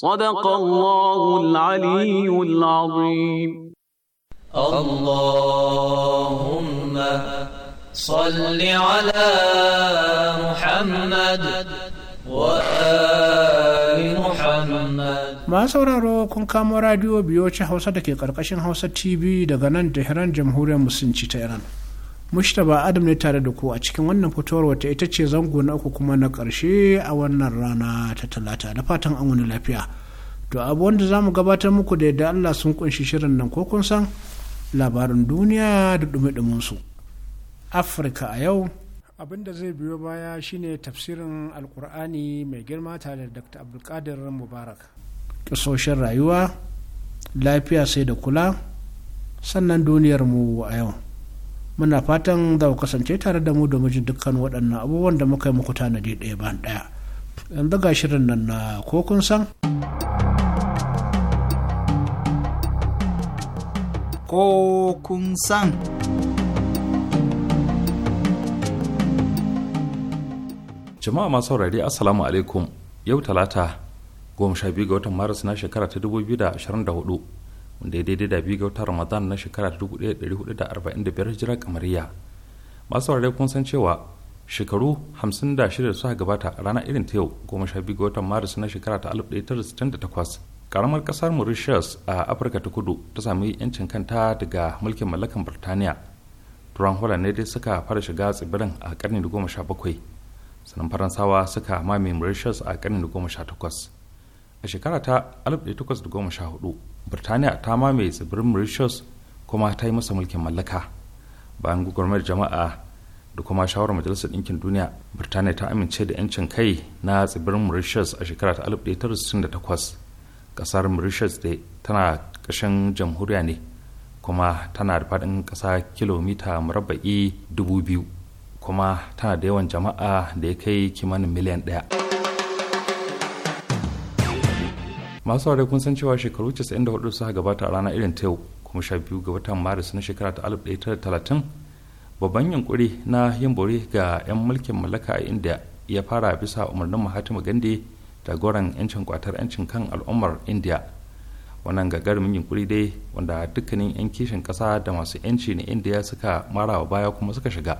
صدق الله العلي العظيم اللهم صل على محمد وآل محمد ma sauraro kun kamo radio biyoci hausa da ke karkashin hausa tv daga nan tehran jamhuriyar musulunci ta iran Mushtaba Adam ne tare da ku a cikin wannan fitowar wata ita ce zango na uku kuma na ƙarshe a wannan rana ta talata da fatan an wani lafiya. To abubuwan da za mu gabatar muku da yadda Allah sun kunshi shirin nan ko kun san labarin duniya da dumi su. Afirka a yau. Abin da zai biyo baya shine tafsirin Alkur'ani mai girma tare da Dr. Abdulkadir Mubarak. kisoshin rayuwa, lafiya sai da kula, sannan duniyarmu a yau. muna fatan za ku kasance tare da mu domin jin dukkan waɗannan abubuwan da muka yi muku tanadi ɗaya bayan ɗaya yanzu ga shirin nan na ko kun san ko kun san jama'a masu saurari assalamu alaikum yau talata goma sha biyu ga watan maris na shekara ta 2024 wanda ya daidai da biyu ga watan ramadan na shekara da da dubu hudu arba'in biyar hijirar kamariya masu saurare kun san cewa shekaru hamsin da shida da suka gabata a ranar irin ta yau goma sha biyu ga watan maris na shekara ta takwas karamar kasar mauritius a afirka ta kudu ta sami yancin kanta daga mulkin mallakan birtaniya turan hola ne dai suka fara shiga tsibirin a karni da goma sha bakwai sannan faransawa suka mame mauritius a karni da goma sha takwas a shekara ta 1814 birtaniya ta mamaye tsibirin mauritius kuma ta yi masa mulkin mallaka bayan gwagwarmar jama'a da kuma shawarar majalisar ɗinkin duniya birtaniya ta amince da 'yancin kai na tsibirin mauritius a shekara ta 1968 ƙasar mauritius da tana ƙashin jamhuriya ne kuma tana da faɗin ƙasa kilomita murabba'i 2000 kuma tana da yawan jama'a da ya kai kimanin miliyan ɗaya. masu aure kun san cewa shekaru 94 suka gabata a rana irin ta yau kuma sha biyu ga watan maris na shekara ta 1930 babban yunkuri na yin bore ga 'yan mulkin mallaka a india ya fara bisa umarnin mahatma gandhi goron 'yancin kwatar 'yancin kan al'ummar india wannan gagarumin yunkuri dai wanda dukkanin 'yan kishin kasa da masu 'yanci na india suka mara wa baya kuma suka shiga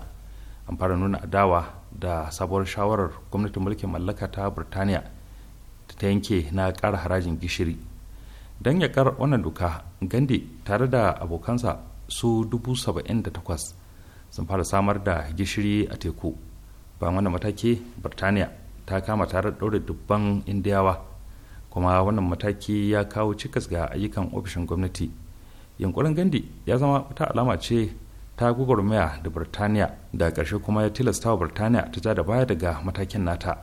an fara nuna adawa da sabuwar shawarar gwamnatin mulkin mallaka ta burtaniya ta yanke na ƙara harajin gishiri don ya ƙara wannan doka gandi tare da abokansa su dubu saba'in da takwas sun fara samar da gishiri a teku ba wannan mataki birtaniya ta kama tare da ɗaure dubban indiyawa kuma wannan mataki ya kawo cikas ga ayyukan ofishin gwamnati yunkurin gandi ya zama wata alama ce ta gugurmaya da birtaniya da ƙarshe kuma ya tilasta wa birtaniya ta ja da baya daga matakin nata.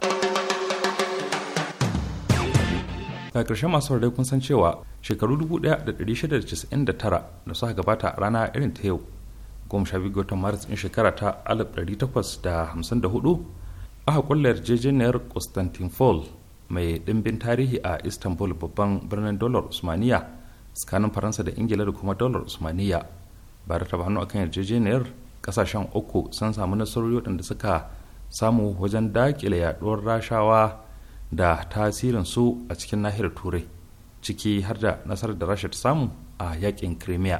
daga ƙarshen masu saurare kun san cewa shekaru 1699 da suka gabata a rana irin ta yau goma sha biyu watan maris ɗin shekara ta 1854 aka kulle yarjejeniyar constantinople mai ɗimbin tarihi a istanbul babban birnin dolar usmaniya tsakanin faransa da ingila da kuma dolar usmaniya ba da taba hannu akan yarjejeniyar kasashen uku sun samu nasarori waɗanda suka samu wajen dakile yaɗuwar rashawa da tasirin su a cikin nahiyar turai ciki har da nasarar da rasha ta samu a yakin crimea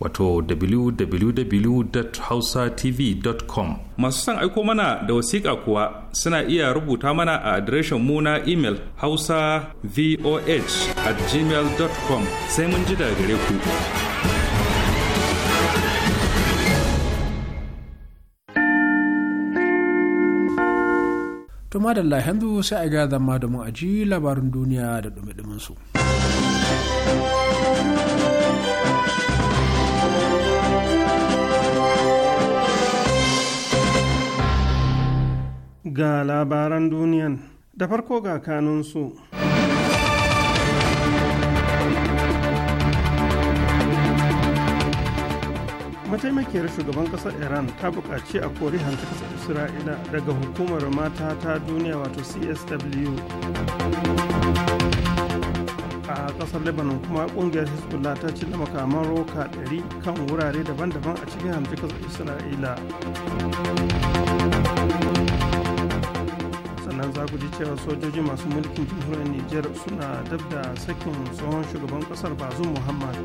wato www.hausatv.com masu son aiko mana da wasiƙa kuwa suna iya rubuta mana a adireshin mu na imel hausa voh at gmail.com sai mun ji daga gare ku tuma da yanzu sai a ga zama da mu labarin duniya da dumi su. ga labaran duniyan da farko ga kanunsu. mataimakiyar shugaban kasar iran ta buƙaci a kori hanta kasar isra'ila daga hukumar mata ta duniya wato csw a kasar lebanon kuma kungiyar hezbollah ta ci makaman roka 100 kan wurare daban-daban a cikin hanta kasar isra'ila za ku ji cewa sojoji masu mulkin jamhuriyar Nijar suna dab da sakin tsohon shugaban kasar bazum muhammad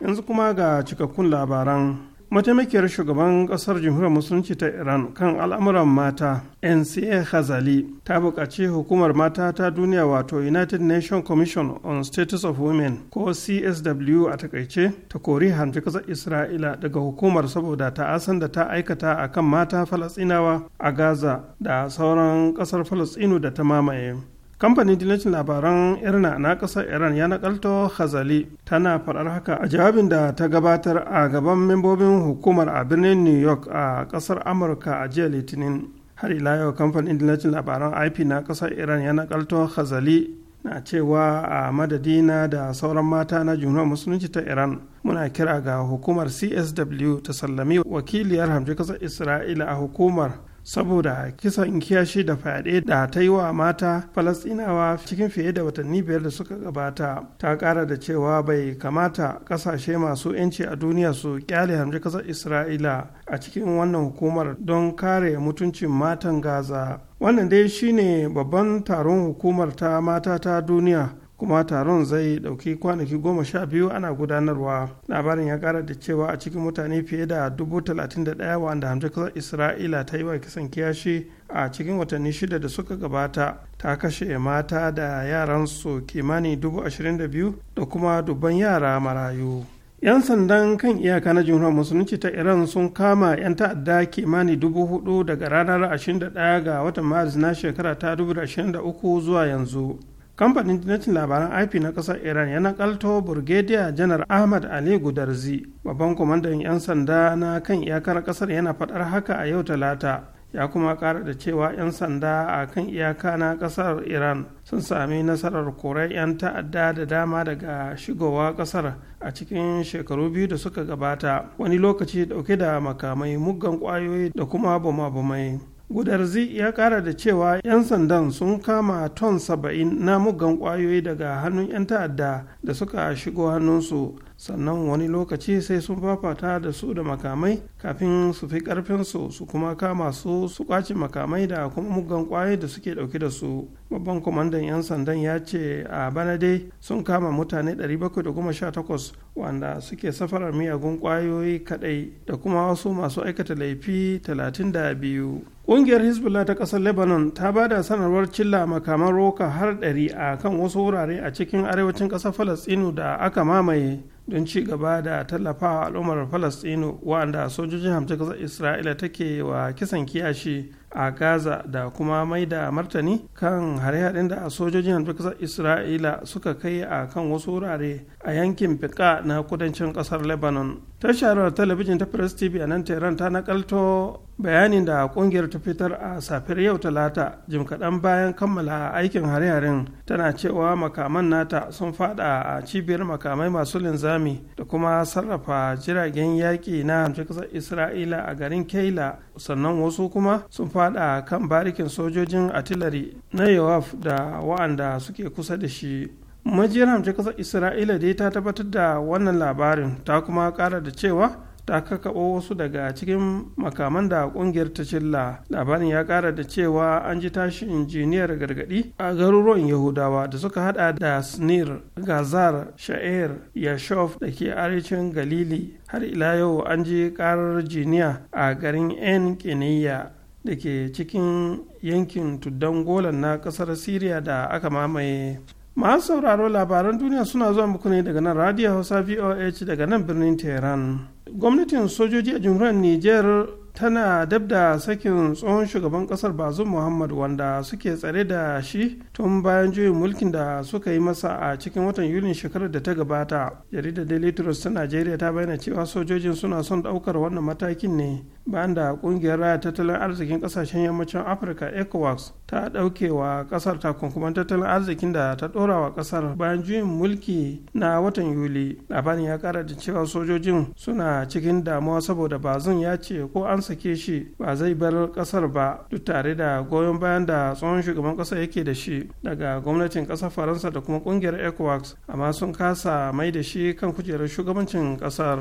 yanzu kuma ga cikakkun labaran mataimakiyar shugaban kasar jamhuriyar musulunci ta iran kan al'amuran mata nca hazali ta buƙaci hukumar mata ta duniya wato united nations commission on status of women ko csw a takaice ta kori hamji ƙasar isra'ila daga hukumar saboda ta'asan da ta aikata a kan mata falasinawa a gaza da sauran ƙasar falasinu da ta mamaye kamfanin dillacin labaran irna na ƙasar iran ya nakalto hazali tana faɗar haka a jawabin da ta gabatar a gaban membobin hukumar a birnin new york a ƙasar amurka a jiya litinin har ila yau kamfanin dillacin labaran ip na ƙasar iran ya nakalto hazali na cewa a madadina da sauran mata na juna musulunci ta iran muna kira ga hukumar csw ta sallami wakiliyar hamshe ƙasar isra'ila a hukumar saboda kisan kiyashi da fyaɗe da ta yi wa mata falasɗinawa cikin fiye da watanni biyar da suka gabata ta ƙara da cewa bai kamata ƙasashe masu 'yanci a duniya su ƙyale hamji ƙasar isra'ila a cikin wannan hukumar don kare mutuncin matan gaza wannan dai shine babban taron hukumar ta mata ta duniya kuma taron zai dauki kwanaki goma sha biyu ana gudanarwa labarin ya kara da cewa a cikin mutane fiye da dubu talatin da daya wanda isra'ila ta yi wa kisan kiyashi a cikin watanni shida da suka gabata ta kashe mata da yaransu kimanin dubu ashirin da biyu da kuma dubban yara marayu 'yan sandan kan iyaka na jihar musulunci ta iran sun kama 'yan ta'adda kimani dubu hudu daga ranar 21 ga watan maris na shekara ta 2023 zuwa yanzu kamfanin dinatin labaran ip na kasar iran ya naƙalto burgediya janar ahmad ali gudarzi babban kwamandan 'yan sanda na kan iyakar kasar yana faɗar haka a yau talata ya kuma ƙara da cewa 'yan sanda a kan iyaka na kasar iran sun sami nasarar korar 'yan ta'adda da dama daga shigowa kasar a cikin shekaru biyu da suka gabata wani lokaci dauke da makamai muggan kwayoyi da kuma bama-bamai gudarzi ya kara da cewa 'yan sandan sun kama ton saba'in na mugan kwayoyi daga hannun 'yan ta'adda da suka shigo hannunsu sannan wani lokaci sai sun fafata da su da makamai kafin su fi karfinsu su kuma kama su su kwace makamai da kuma mugan kwayoyi da suke dauke da su babban kwamandan 'yan sandan ya ce a bana dai sun kama mutane 718 wanda suke safarar miyagun kwayoyi kadai da kuma wasu masu aikata laifi 32 ƙungiyar hezbollah ta ƙasar lebanon ta ba da sanarwar cilla makaman roka har ɗari a kan wasu wurare a cikin arewacin ƙasar falastinu da aka mamaye don ci gaba da tallafawa al'ummar falastinu wanda sojojin hamsin ƙasar isra'ila take wa kisan kiyashi a gaza da kuma mai da martani kan hare-haren da sojojin hamsin ƙasar isra'ila suka kai a kan wasu wurare a yankin fiƙa na kudancin ƙasar lebanon tashar talabijin ta press tv a nan tehran ta nakalto bayanin da kungiyar ta fitar a safiyar yau talata jim kaɗan bayan kammala aikin hare-haren tana cewa makaman nata sun fada a cibiyar makamai masu linzami da kuma sarrafa jiragen yaƙi na ƙasar isra'ila a garin keila sannan wasu kuma sun fada kan barikin sojojin artillery na yawaf da wa'anda suke kusa da shi majiyar hamshe ƙasar isra'ila dai ta tabbatar da wannan labarin ta kuma kara da cewa ta kakaɓo wasu daga cikin makaman da ƙungiyar ta cilla labarin ya ƙara da cewa an ji tashin injiniyar gargaɗi a garuruwan yahudawa da suka hada da snir gazar sha'ir yashof da ke arecin galili har ila yau an ji karar jiniya a garin en kiniya da ke cikin yankin tuddan golan na ƙasar syria da aka mamaye masu sauraro labaran duniya suna zuwa muku ne daga nan radio hausa voh daga nan birnin tehran gwamnatin sojoji a jumhuriyar niger tana dab da sakin tsohon shugaban kasar bazum muhammad wanda suke tsare da shi tun bayan juyin mulkin da suka yi masa a cikin watan yulin shekarar da ta gabata jaridar daily trust ta najeriya ta bayyana cewa sojojin suna son daukar wannan matakin ne bayan da kungiyar raya tattalin arzikin kasashen yammacin afirka ecowas ta dauke wa kasar takunkuman tattalin arzikin da ta dora wa kasar bayan juyin mulki na watan yuli labarin ya kara da cewa sojojin suna cikin damuwa saboda bazum ya ce ko an sake shi ba zai bar kasar ba duk tare da goyon bayan da tsohon shugaban kasa yake da shi daga gwamnatin kasar faransa da kuma kungiyar ecowas amma sun kasa mai da shi kan kujerar shugabancin kasar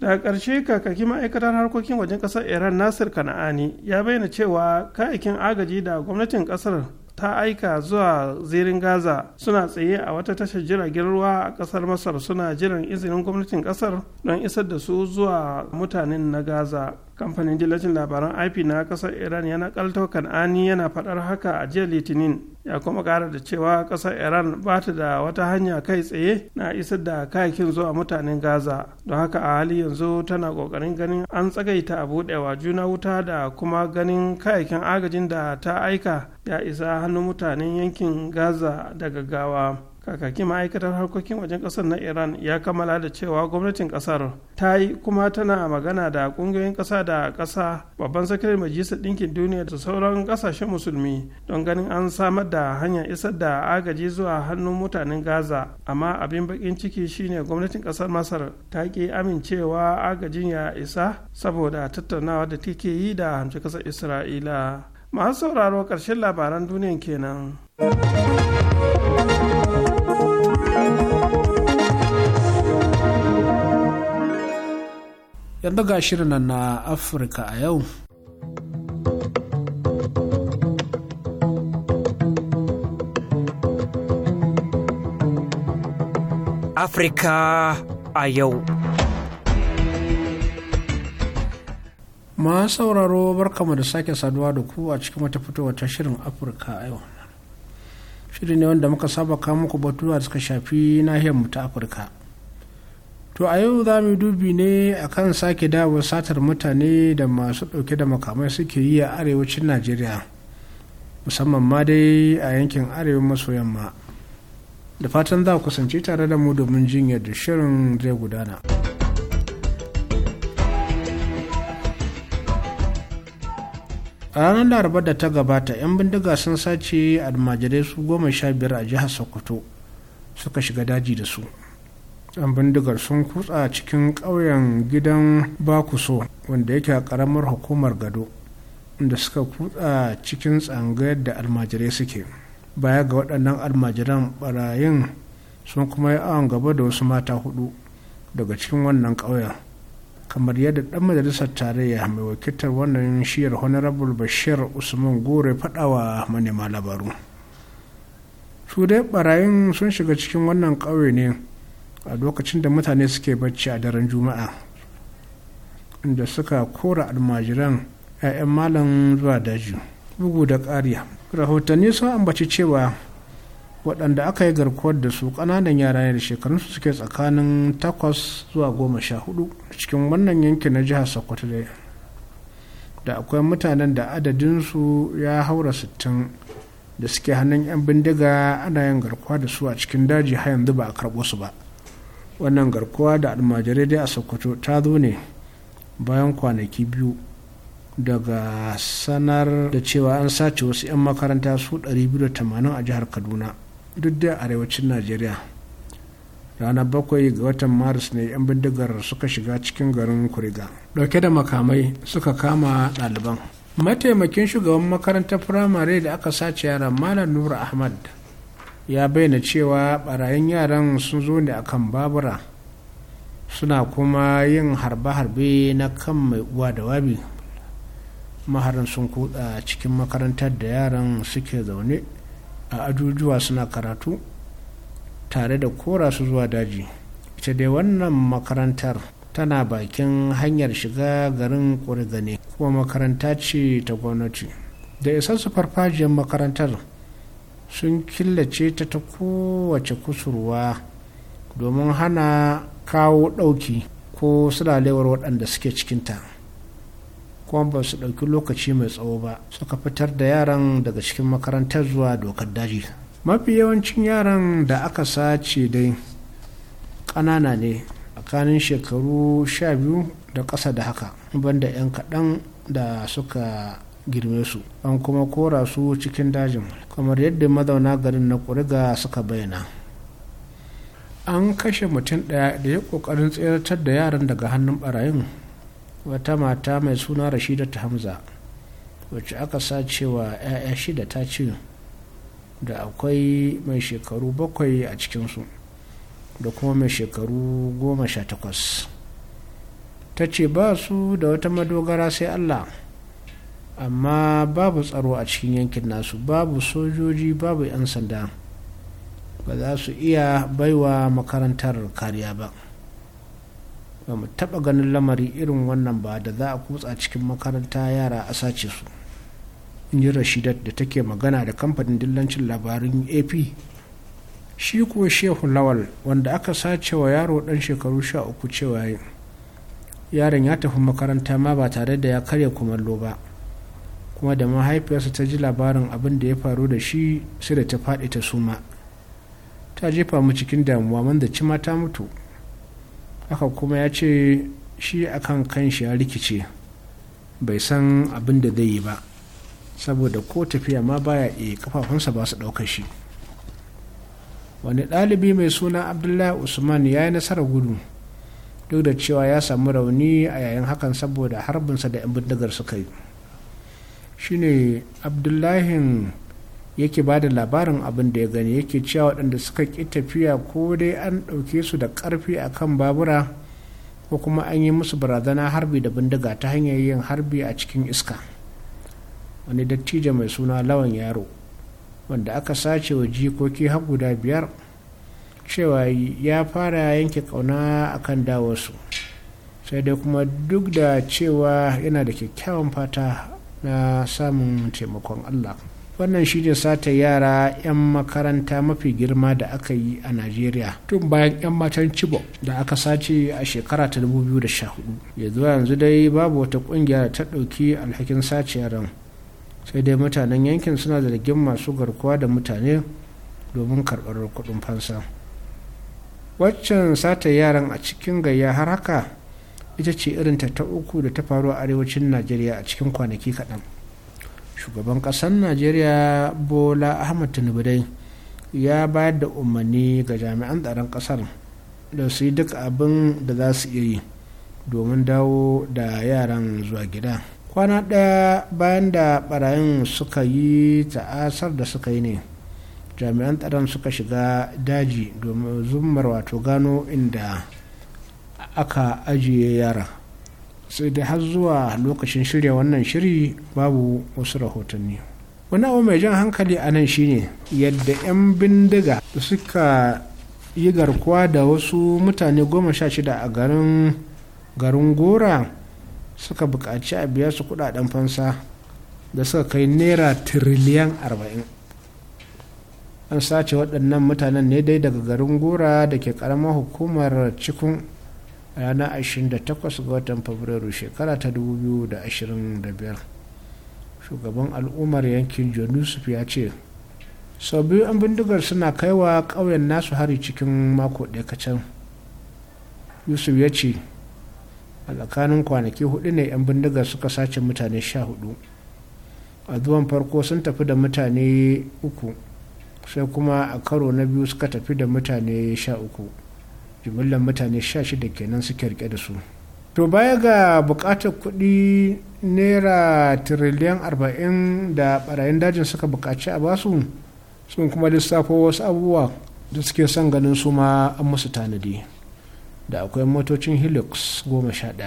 daga ƙarshe kakaki ma'aikatar harkokin wajen ƙasar iran nasir kana'ani ya bayyana cewa kayakin agaji da gwamnatin ƙasar ta aika zuwa zirin gaza suna tsaye a wata tashar jiragen ruwa a kasar masar suna jiran izinin gwamnatin kasar don isar da su zuwa mutanen na gaza kamfanin dillacin labaran ip na kasar iran yana kalto ani yana faɗar haka a jiya litinin ya kuma kara da cewa ƙasar iran ba ta da wata hanya kai tsaye na isar da kayakin zuwa mutanen gaza don haka a hali yanzu tana ƙoƙarin ganin an tsagaita a buɗewa juna wuta da kuma ganin kayakin agajin da ta aika ya isa hannun mutanen yankin gaza da gaggawa kakakin ma'aikatar harkokin wajen kasar na iran ya kammala da cewa gwamnatin kasar ta yi kuma tana magana da kungiyoyin kasa da kasa babban sakirin majalisar ɗinkin duniya da sauran ƙasashen musulmi don ganin an samar da hanyar isar da agaji zuwa hannun mutanen gaza amma abin bakin ciki shine gwamnatin kasar masar ta ki amincewa agajin ya isa saboda tattaunawa da take yi da hamshe kasar isra'ila masu sauraro ƙarshen labaran duniya kenan. Yadda ga shirin nan na afirka a yau afirka a yau ma sauraro barkamu da sake saduwa da ku a cikin wata fitowa ta shirin afirka a yau shiri ne wanda muka saba kawo muku batuwa da suka shafi nahiyar mu ta afirka to a yau za mu dubi ne akan sake dawo satar mutane da masu ɗauke da makamai suke yi a arewacin najeriya musamman ma dai a yankin arewa maso yamma da fatan za ku kusance tare da mu domin jinyar da shirin zai gudana. a ranar laraba da ta gabata 'yan bindiga sun sace almajirai su goma sha biyar a jihar sokoto suka shiga daji da su yan bindigar sun kutsa cikin ƙauyen gidan bakuso wanda yake a ƙaramar hukumar gado inda suka kutsa cikin tsangayar da almajirai suke baya ga waɗannan almajiran ɓarayin sun kuma yi awon gaba da wasu mata hudu daga cikin wannan ƙauyen kamar yadda dan majalisar tarayya mai wakiltar wannan shiyar honorable bashir usman gore faɗawa manema labaru su dai barayin sun shiga cikin wannan ƙauye ne a lokacin da mutane suke bacci a daren juma'a inda suka kora almajiran 'ya'yan malam zuwa daji bugu da ƙariya rahotanni sun ambaci cewa waɗanda aka yi garkuwar da su ƙananan yara ne da shekarunsu suke tsakanin 8 zuwa 14 cikin wannan yanki na jihar sokoto da akwai mutanen da adadinsu ya haura 60 da suke hannun 'yan bindiga ana yin garkuwa da su a cikin daji har yanzu ba a karɓo su ba wannan garkuwa da almajirai dai a sokoto ta zo ne bayan kwanaki biyu daga sanar da cewa an sace wasu 'yan makaranta su 280 a jihar kaduna duk da arewacin najeriya ranar bakwai ga watan maris ne 'yan bindigar suka shiga cikin garin kuriga dauke da makamai suka kama ɗaliban mataimakin shugaban makarantar firamare da aka sace yaran malam nur ahmad ya bayyana cewa barayin yaran sun zo ne akan babura suna kuma yin harbe-harbe na kan mai uwa da wabi maharin sun kutsa cikin makarantar da yaran suke zaune a ajujuwa suna karatu tare da kora su zuwa daji ita dai wannan makarantar tana bakin hanyar shiga garin kurgane kuma makaranta ce ta gwamnati da isansu farfajiyar makarantar sun killace ta ta kowace kusurwa domin hana kawo ɗauki ko sulalewar waɗanda suke cikinta kuma ba su ɗauki lokaci mai tsawo ba suka fitar da yaran daga cikin makarantar zuwa dokar daji mafi yawancin yaran da aka sace dai ƙanana ne tsakanin shekaru sha biyu da ƙasa da haka banda 'yan kaɗan da suka girme su an kuma kora su cikin dajin kamar yadda mazauna garin na kuriga suka bayyana an kashe mutum ɗaya da ya ƙoƙarin tseratar da yaran daga hannun ɓarayin? wata mata mai suna rashidatu hamza wacce aka sa cewa 'ya'ya shida ta ce da akwai mai shekaru bakwai a cikinsu da kuma mai shekaru goma sha takwas ta ce ba su da wata madogara sai allah amma babu tsaro a cikin yankin nasu babu sojoji babu 'yan sanda ba za su iya baiwa makarantar kariya ba ba mu taɓa ganin lamari irin wannan ba da za a kutsa cikin makaranta yara a sace su in ji rashidat da take magana da kamfanin dillancin labarin ap shi kuwa shehu lawal wanda aka sace wa yaro ɗan shekaru sha uku cewa yaron ya tafi makaranta ma ba tare da ya karya kumallo ba kuma da mahaifiyarsa ta ji labarin abin da ya faru da shi sai da ta faɗi ta suma ta jefa mu cikin damuwa man da ci ma ta mutu haka kuma ya ce shi akan kanshi ya rikice bai san abin da zai yi ba saboda ko tafiya ma baya iya kafafunsa ba su ɗaukar shi wani ɗalibi mai suna abdullahi usman ya yi nasarar gudu duk da cewa ya samu rauni a yayin hakan saboda harbinsa da 'yan bindigar suka yi shine abdullahin yake ba da labarin abin da ya gani yake cewa waɗanda suka ƙi tafiya ko dai an ɗauke su da ƙarfi a kan babura ko kuma an yi musu barazana harbi da bindiga ta hanyar yin harbi a cikin iska wani dattijo mai suna lawan yaro wanda aka sace wa jikoki har guda biyar cewa ya fara yanke ƙauna a kan dawarsu sai dai kuma duk da cewa yana da kyakkyawan fata na samun taimakon allah wannan shi ne sata yara 'yan makaranta mafi girma da aka yi a najeriya tun bayan 'yan matan chibok da aka sace a shekara ta 2014 ya zuwa yanzu dai babu wata kungiya da ta ɗauki alhakin sace yaran sai dai mutanen yankin suna zargin masu garkuwa da mutane domin karɓar kuɗin fansa waccan sata yaran a cikin gayya har haka ita ce irinta ta uku da ta faru a arewacin najeriya a cikin kwanaki kaɗan shugaban kasar najeriya bola ahmad tinubu dai ya bayar da umarni ga jami'an tsaron kasar da su yi duk abin da za su iya yi domin dawo da yaran zuwa gida kwana ɗaya bayan da ɓarayin suka yi ta'asar da suka yi ne jami'an tsaron suka shiga daji domin zumar wato gano inda aka ajiye yaran. sai da har zuwa lokacin shirya wannan shiri babu wasu rahotanni wani abu mai jan hankali a nan shine yadda 'yan bindiga da suka yi garkuwa da wasu mutane goma sha shida a garin garin gora suka buƙaci a biya su kudaden fansa da suka kai naira tiriliyan arba'in an sace waɗannan mutanen ne dai daga garin gora da ke ƙaramar hukumar cikin ranar 28 ga watan fabrairu shekara ta 2025 shugaban al'ummar yankin john yusuf ya ce sau biyu 'yan bindigar suna kaiwa ƙauyen nasu hari cikin mako ɗaya kacan yusuf ya ce a tsakanin kwanaki hudu ne 'yan bindigar suka sace mutane sha hudu a zuwan farko sun tafi da mutane uku sai kuma a karo na biyu suka tafi da mutane sha uku jimillar mutane 16 kenan suke rike da su to baya ga bukatar kuɗi naira tiriliyan 40 da barayin dajin suka bukaci a basu sun kuma lissafo wasu abubuwa da suke son ganin su ma an musu tanadi da akwai motocin helix 11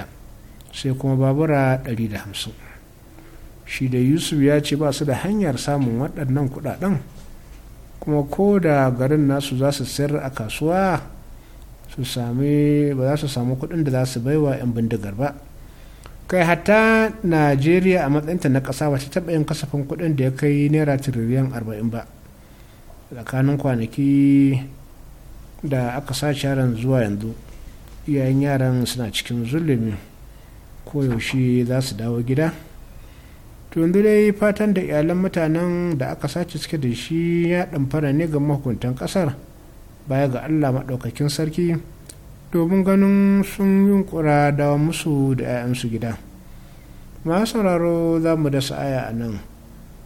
sai kuma babura 150 shi da yusuf ya ce ba su da hanyar samun waɗannan kuɗaɗen kuma ko da garin nasu za su sayar a kasuwa su sami ba za su samu kuɗin da za su baiwa 'yan bindigar ba kai hatta najeriya a matsayinta na ƙasa ba ta taɓa yin kasafin kuɗin da ya kai naira tiriliyan arba'in ba tsakanin kwanaki da aka sace yaran zuwa yanzu iyayen yaran suna cikin zulumi koyaushe za su dawo gida to yanzu dai fatan da iyalan mutanen da aka sace suke da shi ya ɗamfara ne ga mahukuntan ƙasar baya ga allah maɗaukakin sarki domin ganin sun yunkura dawa musu da 'ya'yansu gida masu sauraro za mu da sa'aya a nan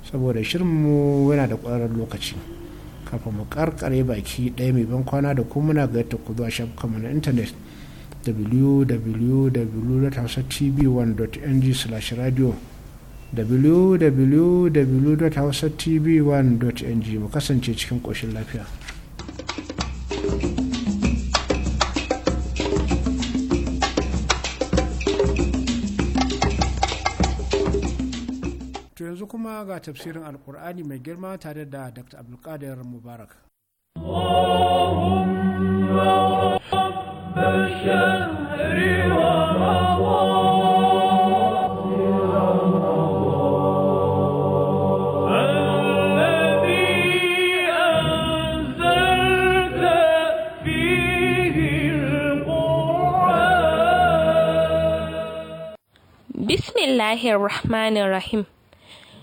saboda shirinmu yana da ƙwararren lokaci kafin mu karkare baki ɗaya mai ban kwana da kuma muna ga yadda ku zuwa shafukanmu na intanet www.hausatv1.ng/radio www.hausatv1.ng mu kasance cikin ƙoshin lafiya. ga tafsirin alkur'ani mai girma tare da dr abdulkadir mubarak Bismillahirrahmanirrahim.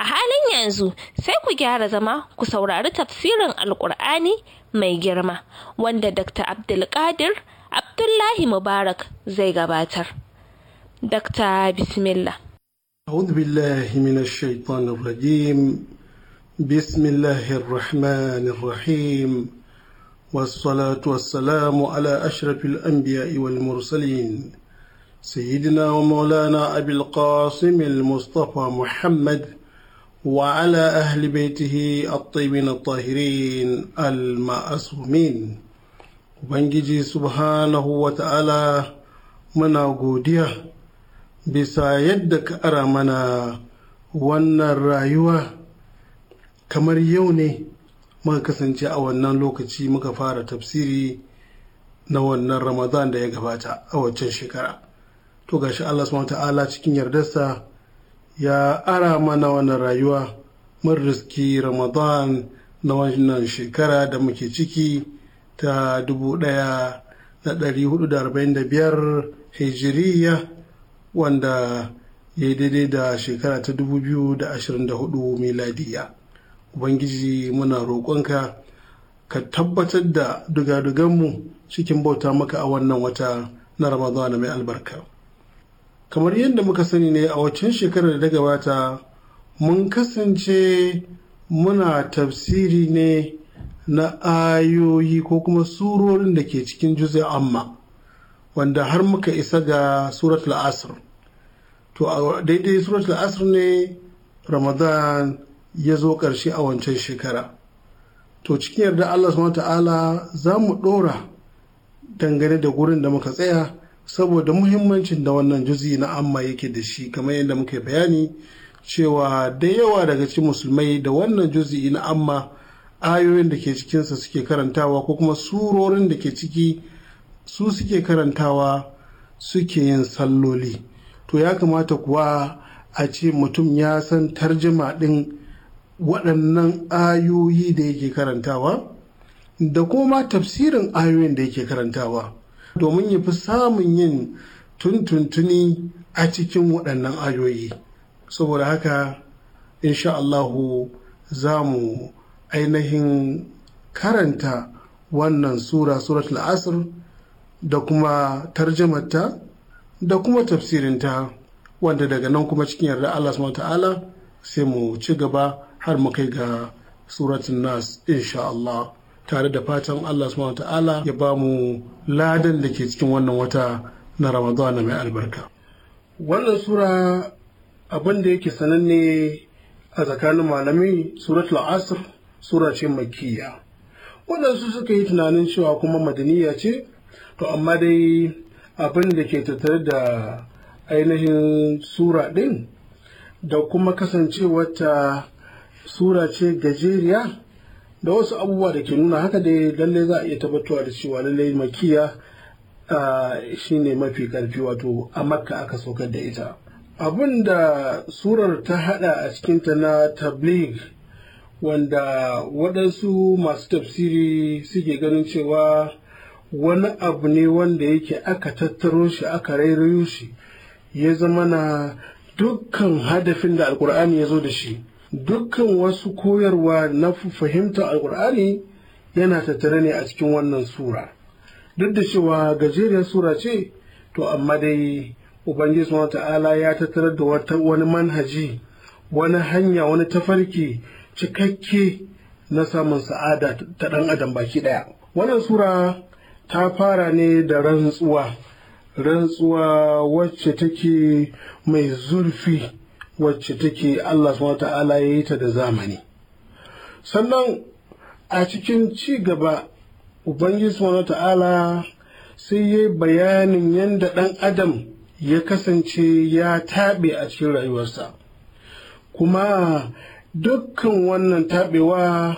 A halin yanzu sai ku gyara zama ku saurari tafsirin alkur'ani mai girma wanda Dr. Abdulkadir Abdullahi Mubarak zai gabatar. Dr. Bismillah. أعوذ بالله من الشيطان الرجيم بسم الله الرحمن الرحيم والصلاة والسلام على أشرف الأنبياء والمرسلين سيدنا ومولانا أبي القاسم المصطفى محمد وعلى أهل بيته الطيبين الطاهرين المعصومين Ubangiji subhanahu wa ta'ala muna godiya bisa yadda ka ara mana wannan rayuwa kamar yau ne muka kasance a wannan lokaci muka fara tafsiri na wannan ramadan da ya gabata a waccan shekara to gashi Allah subhanahu ta'ala cikin yardarsa ya ara mana wani rayuwa mun riski ramadan na wannan shekara da muke ciki ta 1445 hijiriya wanda ya yi daidai da shekara ta 2024 miladiya ubangiji muna roƙonka ka tabbatar da mu cikin bauta maka a wannan wata na ramadana mai albarka kamar yadda muka sani ne a waccan shekarar da gabata mun kasance muna tafsiri ne na ayoyi ko kuma surorin da ke cikin juze amma wanda har muka isa ga suratul asr to daidai suratul asr ne ramadan ya zo ƙarshe a wancan shekara to cikin yarda allah subhanahu ta'ala za mu ɗora dangane da gurin da muka tsaya saboda muhimmancin da wannan juzi na amma yake da shi kamar yadda muka bayani cewa da yawa daga cikin musulmai da wannan juzi na amma ayoyin da ke cikinsa suke karantawa ko kuma surorin da ke ciki su suke karantawa suke yin salloli to ya kamata kuwa a ce mutum ya san tarjima ɗin waɗannan ayoyi da yake karantawa da kuma tafsirin ayoyin da yake karantawa domin ya fi samun yin tuntuntuni a cikin waɗannan ayoyi saboda haka insha Allahu za mu ainihin karanta wannan sura suratul asr da kuma tarjimarta da kuma tafsirinta wanda daga nan kuma cikin yarda Allah subhanahu ta'ala sai mu ci gaba har mu kai ga suratun nas insha Allah tare da fatan Allah subhanahu ta'ala ya ba mu ladan da ke cikin wannan wata na Ramadana mai albarka. Wannan sura abin da yake sananne a tsakanin malami suratul asr sura ce makkiya. Waɗansu suka yi tunanin cewa kuma madaniya ce, to amma dai abin da ke tattare da ainihin sura ɗin da kuma kasancewarta sura ce gajeriya da wasu abubuwa da ke nuna haka dai lalle za a iya tabbatuwa da cewa lalle makiya shine mafi karfi wato a makka aka saukar da ita abin da surar ta hada a cikinta na tablig wanda waɗansu masu tafsiri suke ganin cewa wani abu ne wanda yake aka tattaro shi aka rairayo shi ya zama na dukkan hadafin da alkur'ani ya zo da shi dukkan wasu koyarwa na fahimta alkur'ani yana tattare ne a cikin wannan sura duk da cewa gajeriyar sura ce to amma dai ubangiji subhanahu ta'ala ya tattara da wani manhaji wani hanya wani tafarki cikakke na samun sa'ada ta ɗan adam baki ɗaya wannan sura ta fara ne da rantsuwa rantsuwa wacce take mai zurfi wacce take Allah subhanahu wata'ala ya yi ta da zamani sannan a cikin ci gaba ubangiji subhanahu wata'ala sai ya yi bayanin yadda ɗan adam ya kasance ya taɓe a cikin rayuwarsa kuma dukkan wannan taɓewa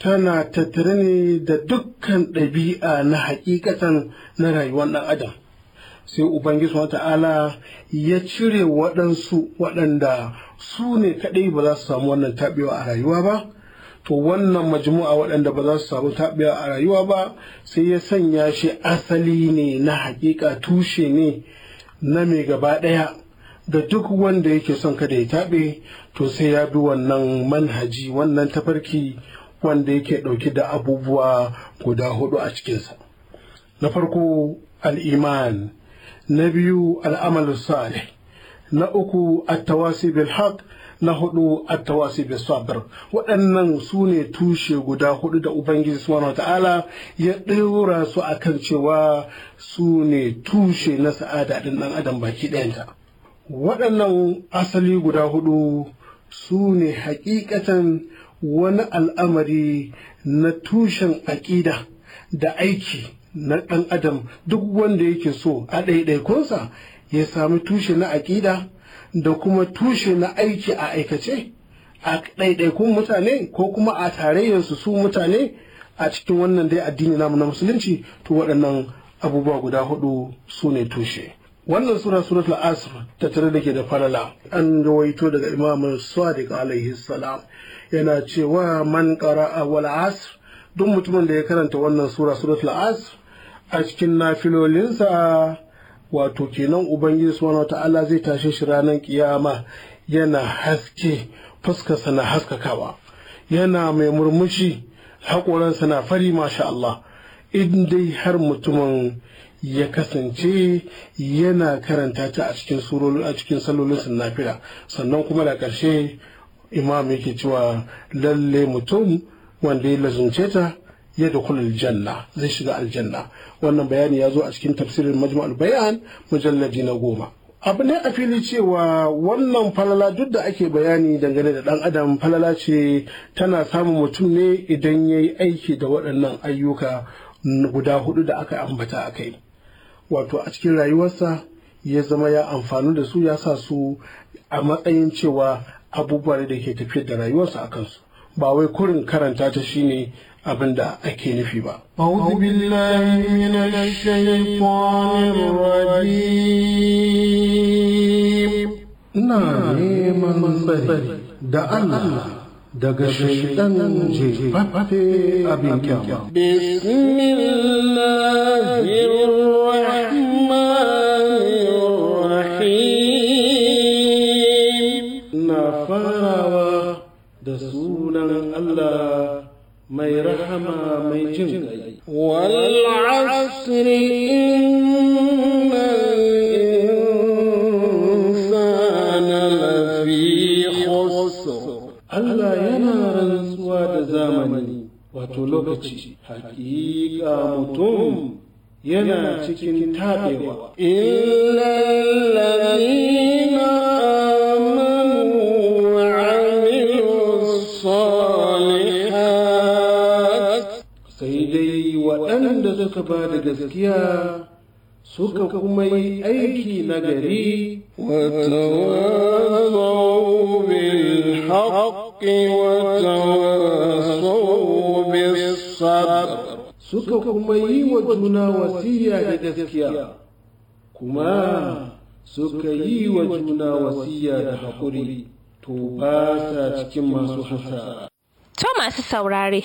tana tattare ne da dukkan ɗabi'a na hakikatan na rayuwar ɗan adam sai ubangiji wa ta'ala ya cire waɗansu waɗanda su ne kaɗai ba za su samu wannan taɓewa a rayuwa ba to wannan majmu'a waɗanda ba za su samu taɓewa a rayuwa ba sai ya sanya shi asali ne na haƙiƙa tushe ne na mai gaba ɗaya Da duk wanda yake son kada ya taɓe to sai ya bi wannan manhaji wannan tafarki wanda yake ɗauki da abubuwa guda hudu a cikinsa na farko al'iman na biyu al'amal salih na uku attawasi Bilhaq na hudu attawasi bil waɗannan su ne tushe guda hudu da ubangiji subhanahu ta'ala ya ɗaura su a kan cewa su ne tushe na sa'ada ɗin ɗan adam baki ɗayanta waɗannan asali guda hudu su ne hakikatan wani al'amari na tushen aƙida da aiki na ɗan adam duk wanda yake so a ɗaiɗaikunsa ya sami tushe na aƙida da kuma tushe na aiki a aikace a ɗaiɗaikun mutane ko kuma a tarayyarsu su mutane a cikin wannan dai addini namu na musulunci to waɗannan abubuwa guda hudu su ne tushe wannan sura suratul asr ta tare da ke da farala. an gawaito daga imam sadiq alaihi salam yana cewa man qara'a wal asr duk mutumin da ya karanta wannan sura suratul asr a cikin nafilolinsa wato kenan ubangiji subhanahu ta'ala zai tashe shi ranar kiyama yana haske fuskarsa na haskakawa yana mai murmushi haƙoransa na fari masha Allah in dai har mutumin ya kasance yana karanta ta a cikin surolin a cikin sannan kuma da ƙarshe imam yake cewa lalle mutum wanda ya lazunce ta ya dukhulul Aljanna zai shiga aljanna wannan bayani ya zo a cikin tafsirin majmu'ul bayan mujalladi na goma abu ne a fili cewa wannan falala duk da ake bayani dangane da ɗan adam falala ce tana samun mutum ne idan ya yi aiki da waɗannan ayyuka guda hudu da aka ambata a kai wato a cikin rayuwarsa ya zama ya amfani da su ya sa su a matsayin cewa abubuwa da ke tafiyar da rayuwarsa a kansu ba wai kurin karanta ta shine أبندا أكيني في با أعوذ بالله من الشيطان الرجيم نعم من بري دا الله دا بسم الله الرحمن الرحيم نفر دسولا الله mai rahama mai jin ƙai. Allah yana rantsuwa da zamani wato lokaci, Hakika mutum yana cikin taɓewa. Illa suka ba da gaskiya suka kuma yi aiki na gari suka kuma yi wa juna wasiya da gaskiya kuma suka yi wa juna wasiya da haƙuri to ba sa cikin masu hasa. To masu saurare.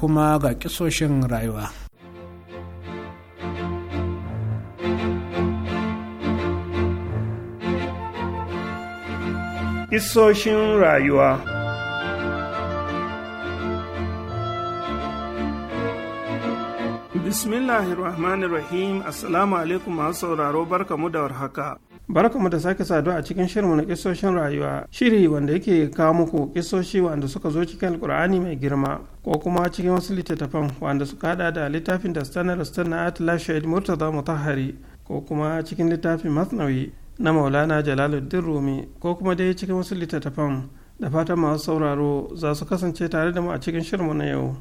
kuma ga kisoshin rayuwa. Isoshin rayuwa Bismillahirrahmanirrahim Assalamu alaikum masu sauraro barkamu da warhaka. barkamu da sake saduwa a cikin shirinmu na kisoshin rayuwa shiri wanda yake kawo muku kisoshi wanda suka zo cikin alkur'ani mai girma ko kuma cikin wasu littattafan wanda suka hada da littafin da stanar na atila shahid murtaza mutahari ko kuma cikin littafin masnawi na maulana jalaluddin rumi ko kuma dai cikin wasu littattafan da fatan masu sauraro za su kasance tare da mu a cikin shirinmu na yau.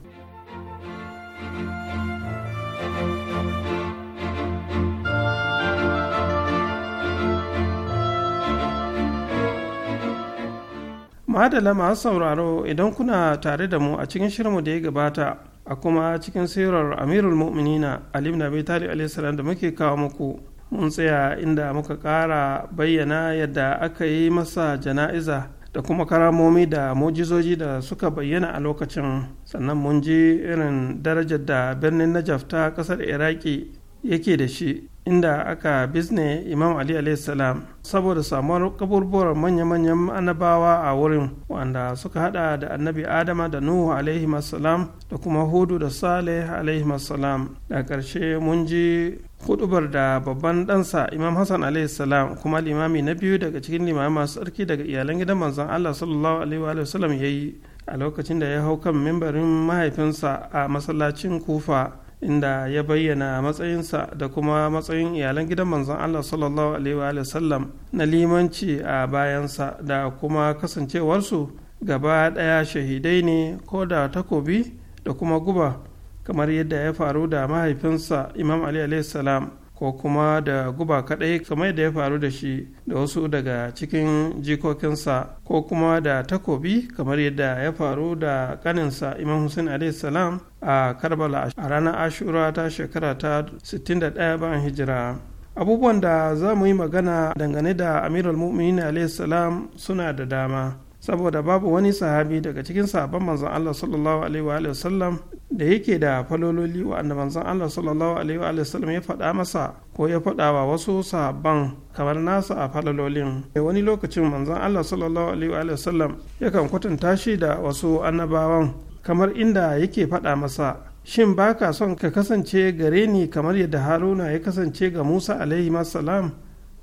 madala masu sauraro idan kuna tare da mu a cikin shirinmu da ya gabata a kuma cikin sirar amirul mu'minina alim na bai alaihi da muke kawo muku mun tsaya inda muka kara bayyana yadda aka yi masa jana'iza da kuma karamomi da mujizoji da suka bayyana a lokacin sannan mun ji irin darajar da birnin najaf ta ƙasar iraki yake da shi inda aka bizne imam ali salam saboda samuwar kaburbuwar manya-manyan annabawa a wurin wanda suka hada da annabi adama da nuhu alaihi da kuma hudu da saleh alaihi salam da ƙarshe mun ji hudubar da babban ɗansa imam hassan salam kuma limami na biyu daga cikin limami masu tsarki daga iyalan gidan manzon allah sallallahu a lokacin da ya hau kan mimbarin mahaifinsa a masallacin kufa inda ya bayyana matsayinsa da kuma matsayin iyalan gidan manzon Allah sallallahu alaihi sallam na limanci a bayansa da kuma kasancewarsu gaba ɗaya shahidai ne ko da takobi da kuma guba kamar yadda ya faru da mahaifinsa imam ali salam ko kuma da guba kaɗai kamar da ya faru da shi da wasu daga cikin jikokinsa ko kuma da takobi kamar yadda ya faru da ƙaninsa, imam hussein salam a karbala a ranar ashura ta shekara ta 61 bayan hijira abubuwan da za mu yi magana dangane da amirul mu'minin salam suna da dama saboda babu wani sahabi daga cikin sahabban manzon Allah sallallahu alaihi wa sallam da yake da falololi wa annabi manzon Allah sallallahu alaihi wa sallam ya faɗa masa ko ya faɗa wa wasu sahabban kamar nasa a falololin wani lokacin manzon Allah sallallahu alaihi wa sallam yakan kwatanta shi da wasu annabawan kamar inda yake faɗa masa shin baka son ka kasance gare ni kamar yadda haruna ya kasance ga musa alaihi salam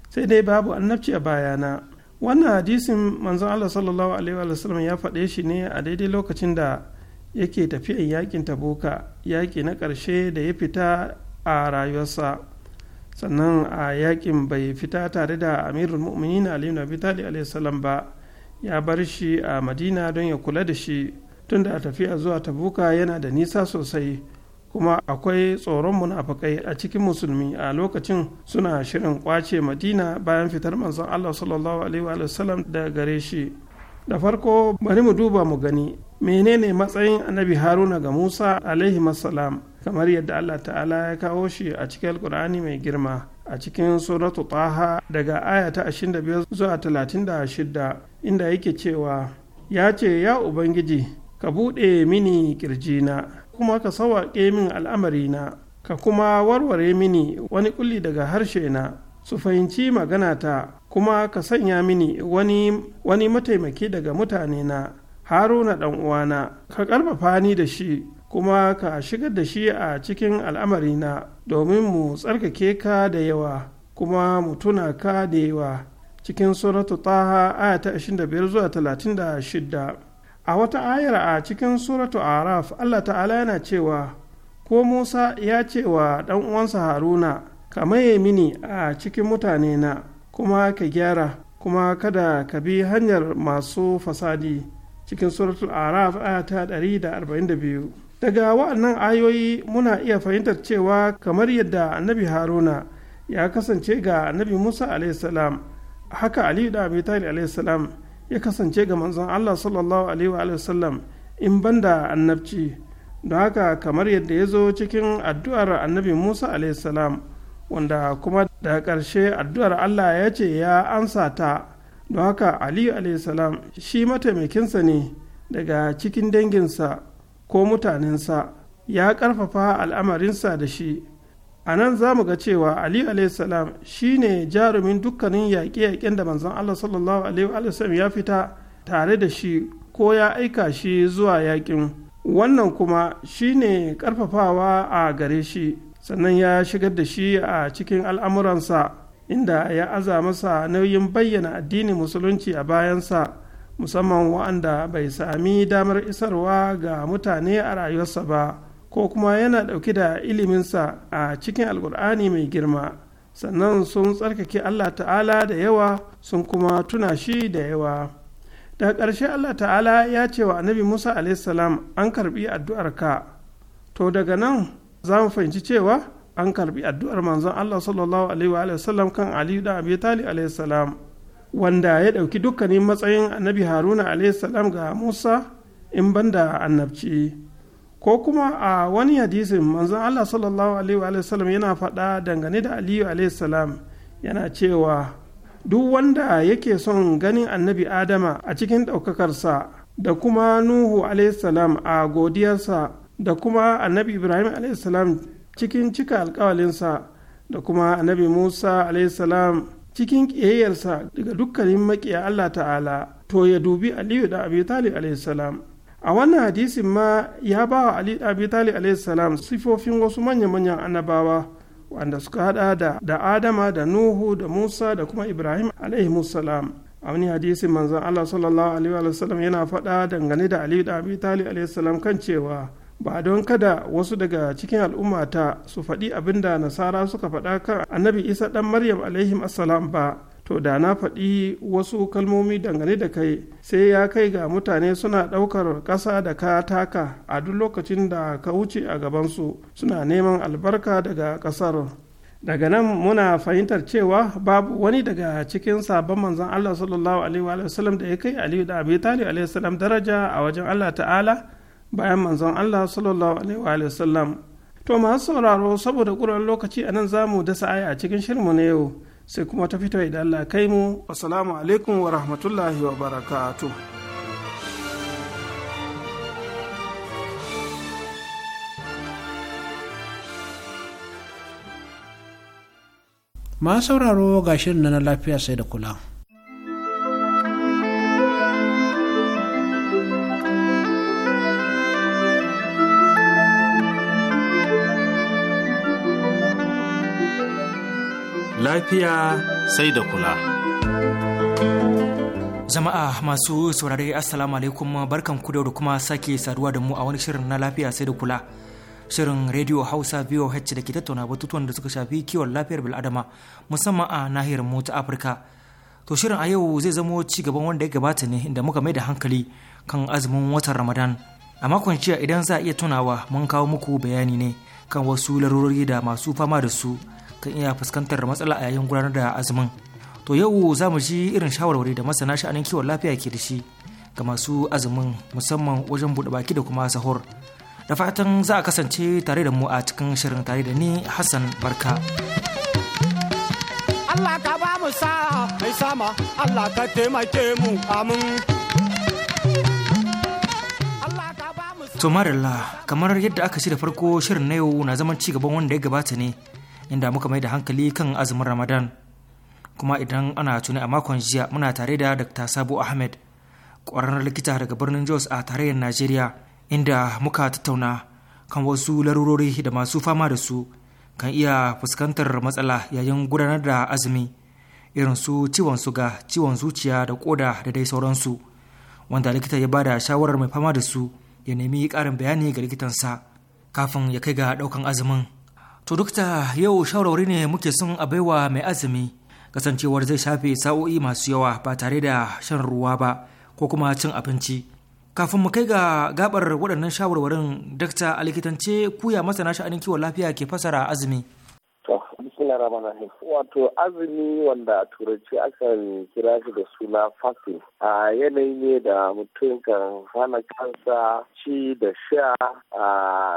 sai dai babu annabci a bayana wannan hadisin manzon allah sallallahu alaihi sallam ya faɗe shi ne a daidai lokacin da yake tafiyan yakin tabuka yaƙi na ƙarshe da ya fita a rayuwarsa sannan a yakin bai fita tare da amirul mu'minin ali ibn abi talib salam ba ya bar shi a madina don ya kula da shi tunda tafiya zuwa tabuka yana da nisa sosai kuma akwai tsoron munafakai a cikin musulmi a lokacin suna shirin kwace madina bayan fitar manzon allah sallallahu alaihi wa da gare shi da farko bari mu duba mu gani menene matsayin annabi haruna ga musa alaihi kamar yadda allah ta'ala ya kawo shi a cikin alkur'ani mai girma a cikin suratu taha daga aya ta 25 zuwa 36 inda yake cewa ya ce ya ubangiji ka buɗe mini kirjina kuma ka sawaƙe min al'amarina ka kuma warware mini wani kulli daga harshe na su fahimci maganata kuma ka sanya mini wani, wani mataimaki daga mutanena haruna ɗan uwana ka ƙarfafa ni da shi kuma ka shigar da shi a cikin al'amarina domin mu tsarkake ka da yawa kuma mu tuna ka da yawa cikin suratu taha aya ta 25 zuwa 36 a wata ayar a cikin suratu araf allah ta'ala yana cewa ko musa ya ce wa ɗan uwansa haruna ka maye mini a cikin mutane na kuma ka gyara kuma kada ka bi hanyar masu fasadi cikin suratu araf aya ta biyu. daga wa'annan ayoyi muna iya fahimtar cewa kamar yadda annabi haruna ya kasance ga annabi musa salam haka aliyu da abi talib salam ya kasance ga manzon Allah sallallahu alaihi wa sallam in banda annabci don haka kamar yadda ya zo cikin addu'ar annabi Musa alaihi salam wanda kuma da ƙarshe addu'ar Allah ya ce ya amsa ta don haka Aliyu alaihi salam shi mataimakinsa ne daga cikin danginsa ko mutanensa ya ƙarfafa al'amarinsa da shi a nan za mu ga cewa ali salam ne jarumin dukkanin yaƙe-yaƙen da manzon allah sallallahu alaihi ya fita tare da shi ko ya aika shi zuwa yaƙin wannan kuma shi ne ƙarfafawa a gare shi sannan ya shigar da shi a cikin al'amuransa inda ya aza masa nauyin bayyana addinin musulunci a bayansa musamman wa'anda bai sami damar isarwa ga mutane a rayuwarsa ba ko kuma yana ɗauke da iliminsa a cikin alkur'ani mai girma sannan sun tsarkake allah ta'ala da yawa sun kuma tuna shi da yawa daga ƙarshe allah ta'ala ya ce wa annabi musa salam an karbi addu'ar ka to daga nan za mu fahimci cewa an karbi addu'ar manzon allah sallallahu alaihi wa sallam kan aliyu da abi talib salam wanda ya ɗauki dukkanin matsayin annabi haruna salam ga musa in banda annabci ko kuma a wani hadisin manzon Allah sallallahu alaihi wa yana faɗa dangane da Aliyu alaihi salam yana cewa duk wanda yake son ganin annabi Adama a cikin ɗaukakarsa da kuma Nuhu alaihi salam a godiyarsa da kuma annabi Ibrahim alaihi salam cikin cika alkawalinsa da kuma annabi Musa alaihi salam cikin ƙiyayyarsa daga dukkanin maƙiya Allah ta'ala to ya dubi Aliyu da Abi Talib salam a wannan hadisin ma ya ba wa ali abi talib salam sifofin wasu manya-manyan annabawa wanda suka hada da, da adama da nuhu da musa da kuma ibrahim alaihi salam a wani hadisin manzon allah sallallahu alaihi sallam yana faɗa dangane da ali abi talib salam kan cewa ba don kada wasu daga cikin al'ummata su faɗi abin da nasara suka faɗa kan annabi isa ɗan maryam alaihim assalam ba to da na faɗi wasu kalmomi dangane da kai sai ya kai ga mutane suna ɗaukar ƙasa da ka taka a duk lokacin da ka wuce a gabansu suna neman albarka daga ƙasar daga nan muna fahimtar cewa babu wani daga cikin sabon manzon Allah sallallahu alaihi wa sallam da ya kai Aliyu da Abi Talib alaihi sallam daraja a wajen Allah ta'ala bayan manzon Allah sallallahu alaihi wa sallam to masu sauraro saboda ƙuran lokaci anan zamu dasa aya a cikin shirmu na yau sai kuma ta fito idan Allah kai mu assalamu alaikum wa rahmatullahi wa barakatu. ma sauraro ga shirin na lafiya sai da kula Lafiya sai da kula. Jama'a masu saurare Assalamu alaikum barkan ku da kuma sake saduwa da mu a wani shirin na lafiya sai da kula. Shirin Radio Hausa VOH da ke tattauna batutuwan da suka shafi kiwon lafiyar bil'adama musamman a nahiyar mu ta Afirka. To shirin a yau zai zamo ci gaban wanda ya gabata ne inda muka mai da hankali kan azumin watan Ramadan. A makon jiya idan za a iya tunawa mun kawo muku bayani ne kan wasu larurori da masu fama da su kan iya fuskantar matsala a yayin gudanar da azumin to yau za mu ji irin shawarwari da masana sha'anin kiwon lafiya ke da shi ga masu azumin musamman wajen buɗe baki da kuma sahur da fatan za a kasance tare da mu a cikin shirin tare da ni hassan barka Allah ka ba mu sa mai sama Allah ka taimake mu amin To marilla kamar yadda aka ce da farko shirin na yau na zaman ci gaban wanda ya gabata ne inda muka mai da hankali kan azumin Ramadan. Kuma idan ana tuni a makon jiya muna tare da Dr. Sabo Ahmed, ƙwararren likita daga birnin Jos a tarayyar Najeriya, inda muka tattauna kan wasu larurori da masu fama da su kan iya fuskantar matsala yayin gudanar da azumi irin su ciwon suga, ciwon zuciya da koda da dai sauransu. Wanda likita ya bada shawarar mai fama da su ya nemi ƙarin bayani ga likitansa kafin ya kai ga ɗaukan azumin. to dukta yau shawarwari ne muke son a baiwa mai azumi kasancewar zai shafe sa'o'i masu yawa ba tare da shan ruwa ba ko kuma cin abinci kafin mu kai ga gabar waɗannan shawarwarin dakta a likitance kuya masana sha'anin kiwon lafiya ke fasara azumi Bismillah Wato azumi wanda a turanci akan kira shi da suna fasting. A yanayi ne da mutum kan hana kansa ci da sha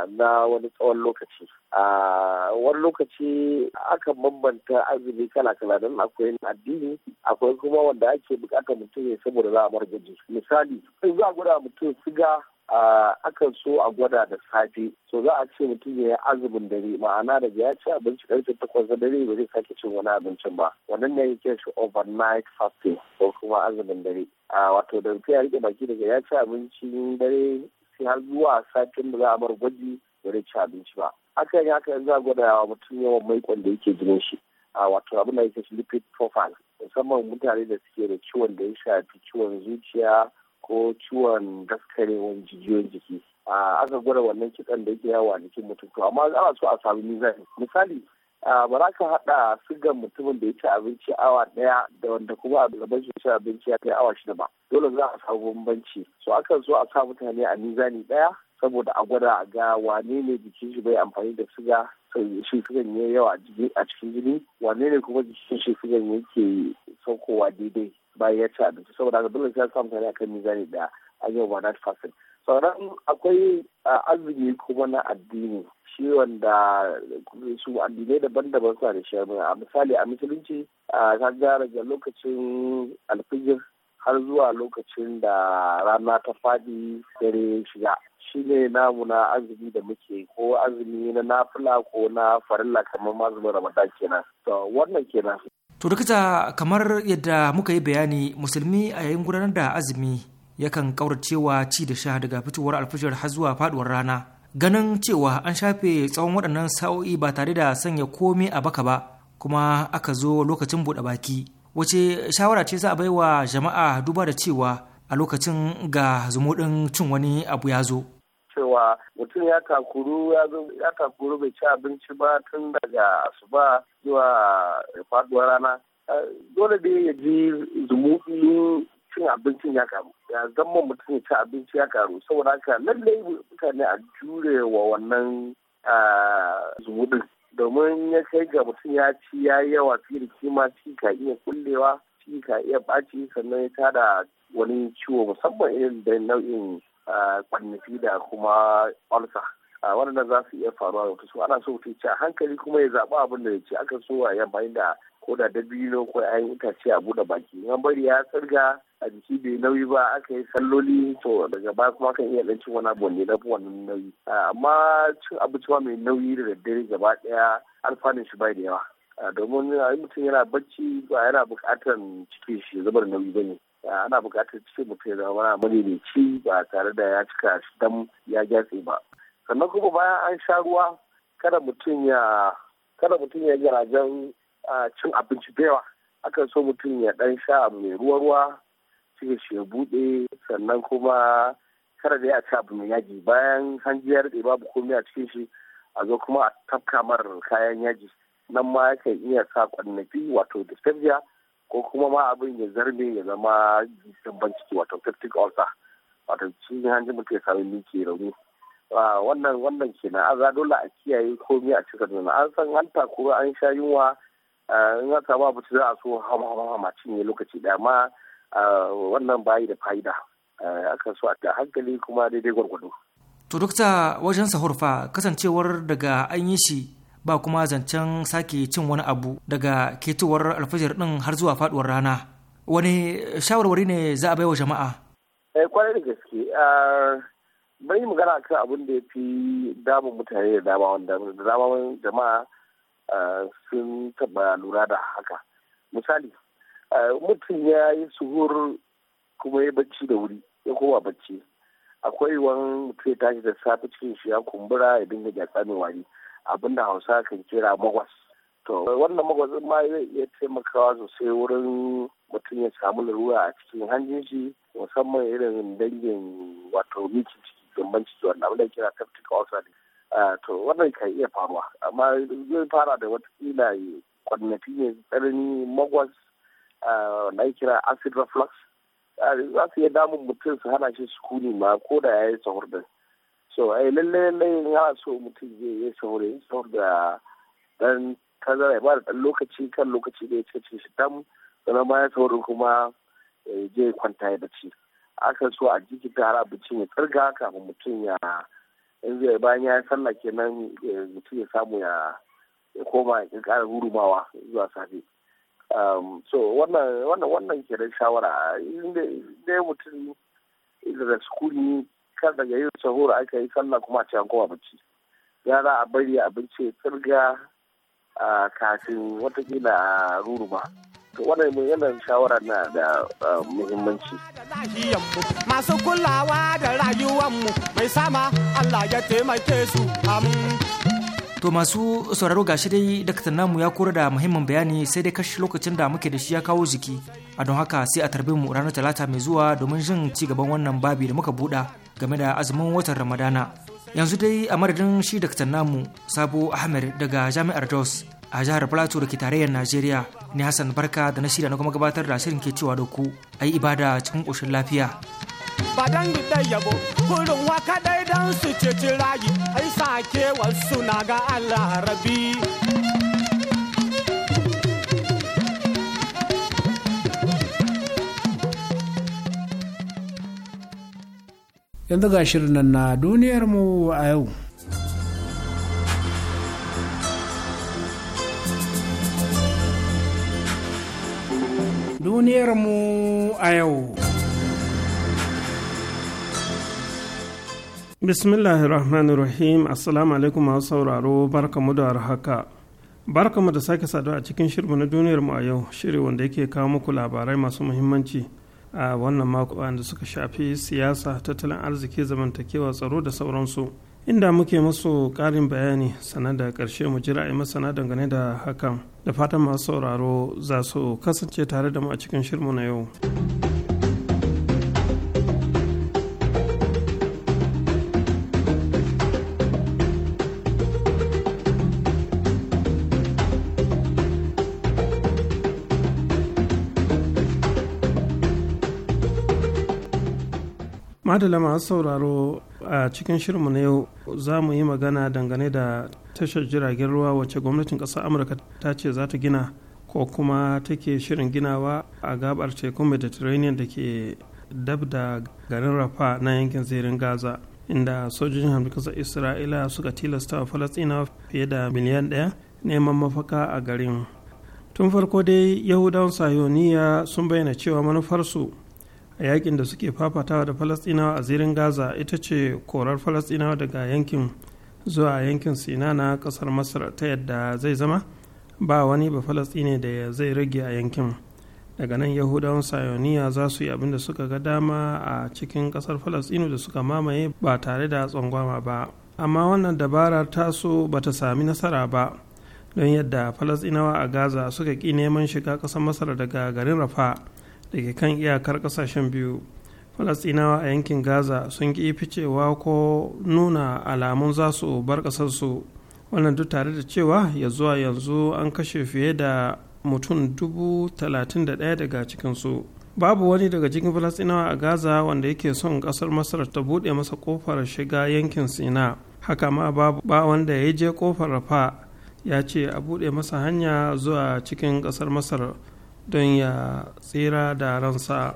na wani tsawon lokaci. A wani lokaci akan bambanta azumi kala-kala don akwai addini akwai kuma wanda ake bukatar mutum ne saboda za a bar gaji. Misali, in za a gwada mutum siga Ah, akan so a gwada da safe so za a ce mutum ya yi azumin dare ma'ana da ya ci abinci karfe takwas da dare ba zai sake cin wani abincin ba wannan ne yake shi overnight fasting ko kuma azumin dare a ah, wato da mutum ya rike baki daga ya ci abincin dare sai har zuwa satin da za a bar gwaji ba zai ci abinci ba Aka yi haka za a gwada wa mutum yawan maikon da yake jinin shi a ah, wato abin da yake lipid profile musamman mutane da suke da ciwon da ya shafi ciwon zuciya ko ciwon daskarewan jijiyoyin jiki aka gwada wannan kitsan da yake yawa a jikin mutum to amma ana so a sami mizani misali ba za ka haɗa sigan mutumin da ya ci abinci awa ɗaya da wanda kuma a gaban shi ci abinci ya kai awa shida ba dole za a samu bambanci so akan so a sa mutane a mizani ɗaya saboda a gwada a ga wane ne jikin shi bai amfani da siga shi sigan ne yawa a cikin jini wane ne kuma jikin shi sigan yake saukowa daidai bayan ya ci abinci saboda haka dole sai samu tare akan mizani da yau yi wannan fasin sauran akwai arziki kuma na addini shi wanda su addinai daban-daban suna da shi a misali a musulunci ta gara ga lokacin alfijir har zuwa lokacin da rana ta fadi dare shiga shi ne namu na azumi da muke ko azumi na nafila ko na farilla kamar mazumin ramadan kenan to wannan kenan to dakita kamar yadda muka yi bayani musulmi a yayin gudanar da azumi yakan kauracewa ci da sha daga fitowar alfashar har zuwa faduwar rana ganin cewa an shafe tsawon waɗannan sa'o'i ba tare da sanya komai a baka ba kuma aka zo lokacin buɗe baki wace shawara ce za a baiwa jama'a duba da cewa a lokacin ga zumuɗin cin wani abu ya zo cewa mutum ya takuru ya takuru bai ci abinci ba tun daga asuba zuwa faduwar rana eh, dole da ya ji zumuɗi cin abincin ya karu ya zama mutum ya ci abinci ya karu saboda haka lallai mutane a jure wa wannan eh, zumuɗin domin ya kai ga mutum ya ci ya yawa fiye da kima ci ka iya kullewa ci ka iya ɓaci sannan ya tada wani ciwo musamman irin da nau'in kwannafi da kuma ulcer waɗanda za su iya faruwa da su ana so mutum ci a hankali kuma ya zaɓi abin da ya ci aka so a yamma da ko da dabino ko ayan itace a buɗe baki in bari ya tsirga a jiki bai nauyi ba aka yi salloli to daga baya kuma kan iya ɗanci wani abu ne na wannan nauyi amma cin abinci mai nauyi da daddare gaba ɗaya alfanun shi bai da yawa domin mutum yana bacci ba yana buƙatar cikin shi zubar nauyi ba ne ana buƙatar cikin mutum ya zama madaidaici ba tare da ya cika dan ya gyatse ba sannan kuma bayan an sha ruwa kada mutum ya kada mutum ya garajen cin abinci da yawa akan so mutum ya dan sha mai ruwa ruwa cikin shi ya buɗe sannan kuma kada da ya ci abu mai yaji bayan hanji ya babu komai a cikin shi a zo kuma a tafka mar kayan yaji nan ma yakan iya sa kwanaki wato dyspepsia ko kuma ma abin ya zarbe ya zama dabban ciki wato peptic ulcer wato cikin hanji mutum sami miki rauni ah, wannan wannan kenan a dole a kiyaye komai a cikin nan an san an ko an sha yunwa ah, in an samu abu za a so hama cinye lokaci da ma ah, wannan bayi da fa'ida akan so a hankali kuma daidai gwargwado. to dokta wajen sahur kasancewar daga an yi shi ba kuma zancen sake cin wani abu daga ketowar alfajir din har zuwa faduwar rana wani shawarwari ne za a baiwa jama'a eh kwarai da gaske bai magana kan abin da ya fi damun mutane da dama wanda da dama jama'a sun taba lura da haka misali mutum ya yi suhur kuma ya bacci da wuri ya kowa bacci akwai wani mutum ya tashi da safe cikin shi ya kumbura ya dinga gyatsa mai wari abin da hausa kan kira magwas to wannan magwazin ma zai iya taimakawa sosai wurin mutum ya samu larura a cikin hanjin shi musamman irin dangin wato miki ciki gamban ciki wanda abin da kira taftik ulcer to wannan kan iya faruwa amma zai fara da watakila kwanaki ne tsanani magwas na kira acid reflux za su iya damun mutum su hana shi sukuni ma ko da ya yi sahur din so ai lalle lalle ya so mutum zai yi saurayi saboda dan tazara ya bada dan lokaci kan lokaci da ya ce ce shi tam sannan ya saurin kuma eh, je kwanta ya bace aka so a jiki ta abincin ya tsirga kafin mutum ya in zai bayan ya sallah kenan mutum ya samu ya koma ya kara hurumawa zuwa safe um, so wannan wannan wannan kenan shawara inda mutum da sukuni kar daga yin sahur aka yi sallah kuma a ci an bacci yara a bari abinci ya tsirga kafin watakila a ruruma to wannan yana shawara na da muhimmanci masu kulawa da rayuwanmu mai sama Allah ya taimake su To masu sauraro gashi dai daktar namu ya kora da muhimmin bayani sai dai kashi lokacin da muke da shi ya kawo jiki a don haka sai a tarbe mu ranar talata mai zuwa domin jin ci gaban wannan babi da muka buɗa game da azumin watan ramadana yanzu dai a madadin shi daktar namu sabo ahmed daga jami'ar jos a jihar plateau da ke tarayyar najeriya ne hassan barka da na shirya na kuma gabatar da shirin ke cewa da ku a yi ibada cikin ƙoshin lafiya badan da yabo kurin waka dai dan su ceci rayu ai sake wasu na ga allah rabi yanzu ga shirin nan na duniyarmu a yau duniyarmu a yau ar-Rahim, assalamu alaikum masu sauraro mu da haka mu da sake saduwa a cikin shirin na duniyarmu a yau shiri wanda yake kawo muku labarai masu muhimmanci a wannan mako wanda suka shafi siyasa tattalin arziki zamantakewa tsaro da sauransu inda muke masu karin bayani sanar da ƙarshe mu jira a yi masana dangane da hakan da fatan masu sauraro za su kasance tare da mu a cikin shirmu na yau. madala masu sauraro a cikin shirinmu na yau za mu yi magana dangane da tashar jiragen ruwa wacce gwamnatin ƙasar amurka ta ce za ta gina ko kuma take shirin ginawa a gabar tekun mediterranean da ke dab da garin rafa na yankin zirin gaza inda sojojin hamdukasar isra'ila suka tilasta wa falasina fiye da miliyan ɗaya neman mafaka a garin tun farko dai yahudawan sayoniya sun bayyana cewa manufarsu a yakin da suke fafatawa da falastinawa a zirin gaza ita ce korar falasɗinawa daga yankin zuwa yankin sina na kasar masar ta yadda zai zama ba wani ba falastine da zai rage a yankin daga nan yahudawan sayoniya za su yi abin da suka ga dama a cikin kasar falastinu da suka mamaye ba tare da tsangwama ba amma wannan dabarar taso ba ta sami nasara ba don yadda falasɗinawa a gaza suka ƙi neman shiga ƙasar masar daga garin rafa da kan iyakar kasashen biyu falastinawa a yankin gaza sun ƙi ficewa ko nuna alamun za su bar ƙasarsu wannan duk tare da cewa ya zuwa yanzu an kashe fiye da mutum dubu talatin da ɗaya daga cikinsu babu wani daga cikin falastinawa a gaza wanda yake son ƙasar masar ta buɗe masa ƙofar shiga yankin sina haka ma babu ba wanda ya je ƙofar rafa ya ce a buɗe masa hanya zuwa cikin ƙasar masar don ya tsira da ransa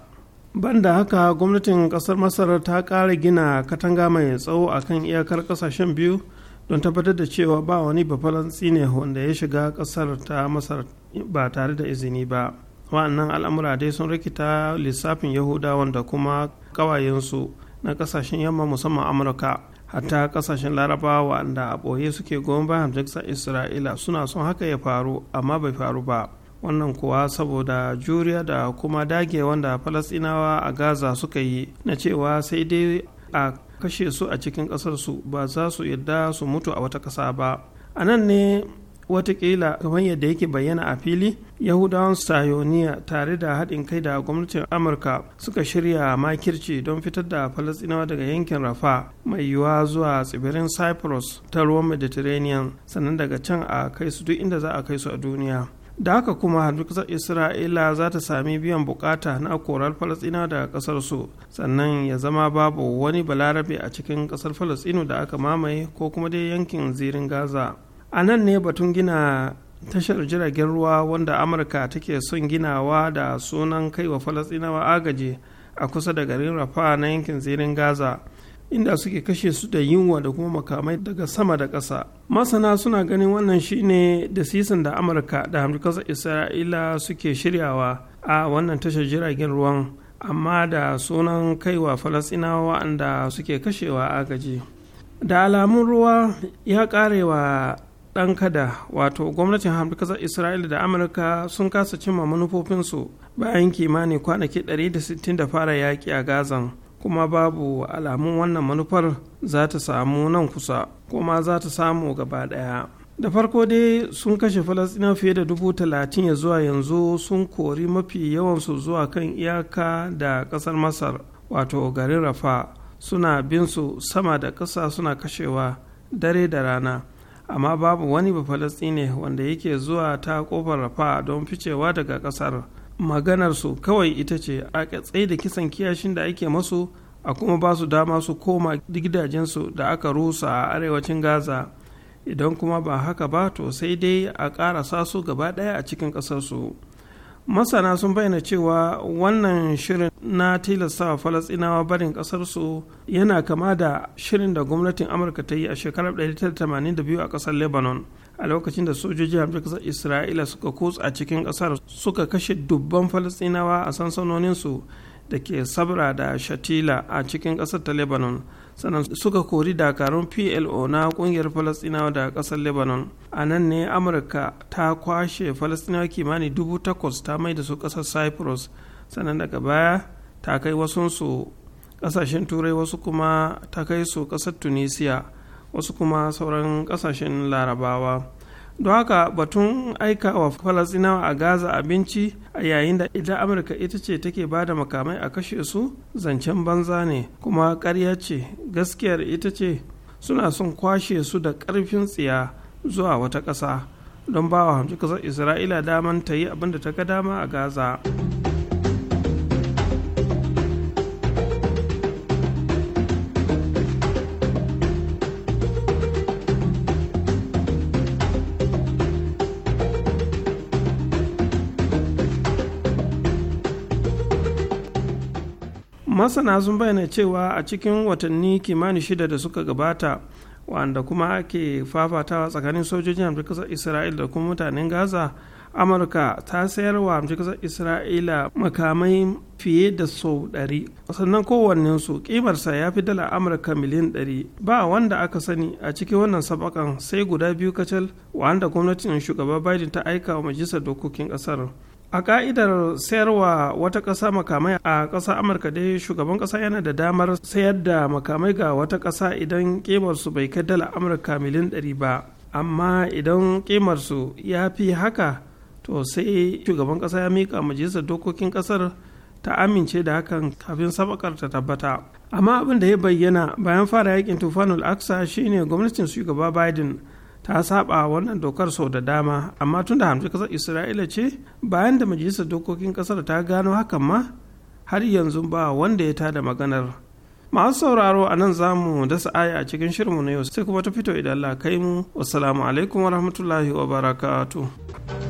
banda haka gwamnatin kasar masar ta ƙara gina katanga mai tsawo a kan iyakar kasashen biyu don tabbatar da cewa ba wani bafalansi ne wanda ya shiga kasar ta masar ba tare da izini ba wa'annan al'amura dai sun rikita lissafin Yahuda wanda kuma ƙawayensu na ƙasashen yamma musamman amurka hatta ƙasashen larabawa wanda a ɓoye suke goma bayan isra'ila suna son haka ya faru amma bai faru ba wannan kuwa saboda juriya da kuma dage wanda falasinawa a gaza suka yi na cewa sai dai a kashe su a cikin ƙasarsu ba za su yadda su mutu a wata ƙasa ba a nan ne watakila kamar yadda yake bayyana a fili yahudawan sayoniya tare da haɗin kai da gwamnatin amurka suka shirya makirci don fitar da falasɗinawa daga yankin rafa mai yiwuwa zuwa tsibirin cyprus ta ruwan mediterranean sannan daga can a kai su duk inda za a kai su a duniya da haka kuma ƙasar isra'ila za ta sami biyan bukata na korar falasɗina daga ƙasar su sannan ya zama babu wani balarabe a cikin ƙasar falasɗinu da aka mamaye ko kuma dai yankin zirin gaza a nan ne batun gina tashar jiragen ruwa wanda amurka take son ginawa da sunan kaiwa falasɗinawa agaji a kusa da garin rafa na yankin zirin gaza inda suke kashe su da yunwa da kuma makamai daga sama da ƙasa masana suna ganin wannan shine da sisan da amurka da hamdukasa isra'ila suke shiryawa a wannan tashar jiragen ruwan amma da sunan kaiwa falasinawa wa'anda suke kashewa a agaji da alamun ruwa ya karewa ɗan kada wato gwamnatin hamdukasar isra'ila da amurka sun kasa cimma manufofinsu bayan kimanin kwanaki 160 da fara yaƙi a gazan kuma babu alamun wannan manufar za ta samu nan kusa kuma za ta samu gaba ɗaya da farko dai sun kashe falastina fiye da dubu talatin ya zuwa yanzu sun kori mafi yawansu zuwa kan iyaka da ƙasar masar wato garin rafa suna bin su sama da ƙasa suna kashewa dare da rana amma babu wani ba wanda yake zuwa ta ƙofar rafa don ficewa daga ƙasar maganarsu kawai ita ce a katse da kisan kiyashin da ake masu a kuma ba su dama su koma gidajensu da aka rusa a arewacin gaza idan kuma ba haka ba to sai dai a ƙarasa su gaba ɗaya a cikin ƙasarsu masana sun bayyana cewa wannan shirin na tilasta falasɗinawa barin ƙasarsu yana kama da shirin da gwamnatin amurka ta yi a shekarar 1982 a ƙasar lebanon a lokacin da sojoji hamsin isra'ila suka kutsa cikin ƙasar suka kashe dubban falastinawa a sansanoninsu da ke sabra da shatila a cikin ƙasar ta lebanon sannan suka kori dakarun plo na ƙungiyar falastinawa da ƙasar lebanon a nan ne amurka ta kwashe falastinawa kimanin dubu takwas ta mai da su ƙasar cyprus sannan daga baya ta kai wasunsu ƙasashen turai wasu kuma ta kai su ƙasar tunisia wasu kuma sauran kasashen larabawa don haka batun aika wa falasinawa a gaza abinci a yayin da idan amurka ita ce take ba da makamai a kashe su zancen banza ne kuma karya ce gaskiyar ita ce suna son kwashe su da ƙarfin tsiya zuwa wata ƙasa don ba wa hamshi ƙasar isra'ila daman ta yi abin da ta ga dama a gaza. masana sun bayyana cewa a cikin watanni kimanin shida da suka gabata wanda kuma ake fafatawa tsakanin sojojin hamshin kasar isra'ila da kuma mutanen gaza amurka ta sayar wa hamshin kasar isra'ila makamai fiye da sau ɗari sannan kowannensu kimarsa ya fi dala amurka miliyan ɗari ba wanda aka sani a cikin wannan sabakan sai guda biyu kacal wanda gwamnatin shugaba biden ta aika wa majalisar dokokin ƙasar a ka'idar sayarwa wata ƙasa makamai a ƙasa amurka dai shugaban ƙasa yana da damar sayar da makamai ga wata ƙasa idan su bai kai dala amurka miliyan ɗari ba amma idan su ya fi haka to sai shugaban ƙasa ya miƙa majalisar dokokin ƙasar ta amince da hakan kafin sabakar ta tabbata amma abin da ya bayyana bayan fara yakin tufanul aksa shine gwamnatin shugaba biden ta saba wannan dokar sau da dama amma tun da hamshe kasar isra'ila ce bayan da majalisar dokokin kasar ta gano hakan ma har yanzu ba wanda ya tada maganar masu sauraro a nan za mu dasa aya a cikin shirinmu na yau sai kuma ta fito idan Allah kai mu wasu alaikum wa rahmatullahi wa barakatuh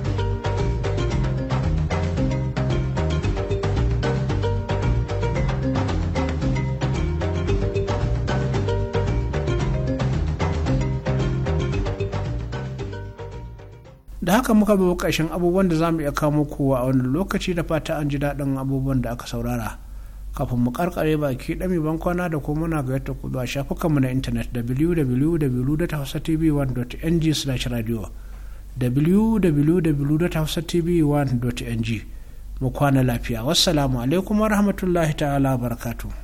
da haka muka bi ƙarshen abubuwan da za mu iya kawo muku a wani lokaci da fata an ji daɗin abubuwan da aka saurara kafin mu karkare baki ɗami bankwana da kuma muna gayyata ku zuwa shafukanmu na intanet www.hausatv1.ng/radio www.hausatv1.ng mu kwana lafiya wassalamu alaikum wa rahmatullahi ta'ala barakatu.